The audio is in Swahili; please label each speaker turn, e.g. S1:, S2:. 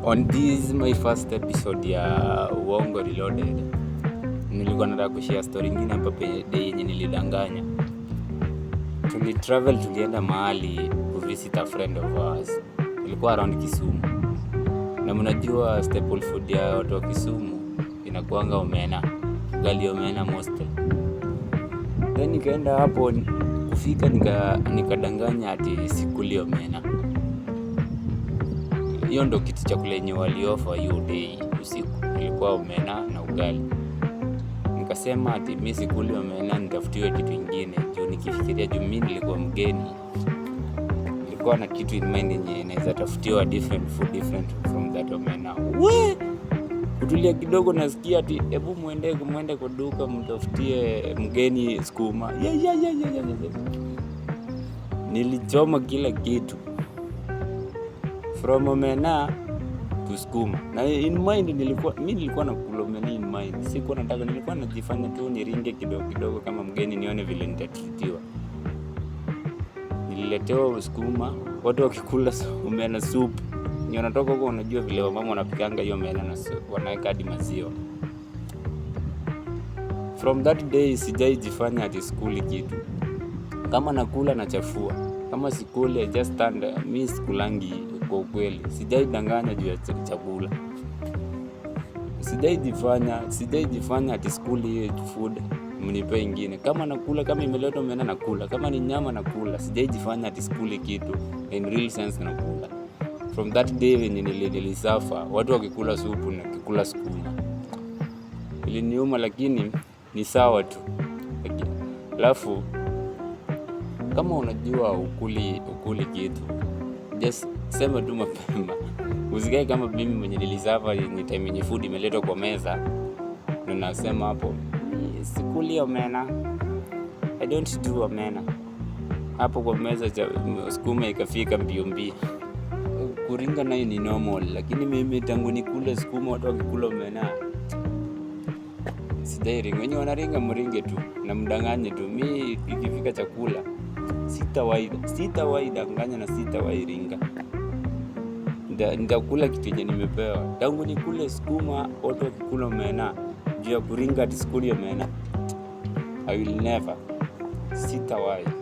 S1: On this my first episode ya Uongo Reloaded, nilikuwa nataka kushare story ingine hapa day yenye nilidanganya. Tuli travel tulienda mahali kuvisit a friend of ours, ilikuwa around Kisumu, na mnajua staple food ya watu wa Kisumu inakuanga omena, gali omena moste Then nikaenda hapo, kufika nikadanganya nika ati sikuli omena hiyo ndo kitu chakula yenye waliofa hiyo day usiku, ilikuwa omena na ugali. Nikasema ati mimi sikuli omena, nitafutiwe kitu ingine, juu nikifikiria, juu mimi nilikuwa mgeni, nilikuwa na kitu in mind yenye inaweza tafutiwa different food different from that omena. We kutulia kidogo, nasikia ati hebu muende muende kwa duka mtafutie mgeni sukuma. Yeah, yeah, yeah, yeah, yeah. Nilichoma kila kitu from Omena to Skuma. Na in mind nilikuwa mimi nilikuwa na kulomeni in mind. Sikuwa nataka, nilikuwa najifanya tu niringe kidogo kidogo kama mgeni nione vile nitatritiwa. Nililetewa Skuma, watu wakikula omena soup. Ni wanatoka huko, wanajua vile wamama wanapikanga hiyo omena na wanaweka hadi maziwa. From that day sijai jifanya ati skuli kitu. Kama nakula nachafua kama sikuli I just stand, mi sikulangi kwa ukweli, sijaidanganya juu ya chakula, sijaijifanya sijaijifanya ati sikuli hiyo food mnipe ingine. Kama nakula kama imeletwa mena nakula, kama ni nyama nakula, sijaijifanya ati sikuli kitu, in real sense nakula. From that day venye nilisafa, watu wakikula supu na kikula sukuma iliniuma, lakini ni sawa tu, alafu kama unajua ukuli ukuli kitu, just sema tu mapema. Usikae kama mimi mwenye niliserve ni time yenye food imeletwa kwa meza, nasema hapo sikuli omena. I don't do omena. Hapo kwa meza cha sukuma ikafika mbio mbio. Kuringa nayo ni normal, lakini mimi tangu nikule sukuma watu wakikula omena Sidai ringa wenye wanaringa mringe tu namdanganye tu, mi ikifika chakula sitawahi sitawahi danganya na sitawai ringa. nitakula kitu yenye nimepewa tangu nikule sukuma oto kikula mena juu ya kuringa hadi ya omena. I will never, sitawahi.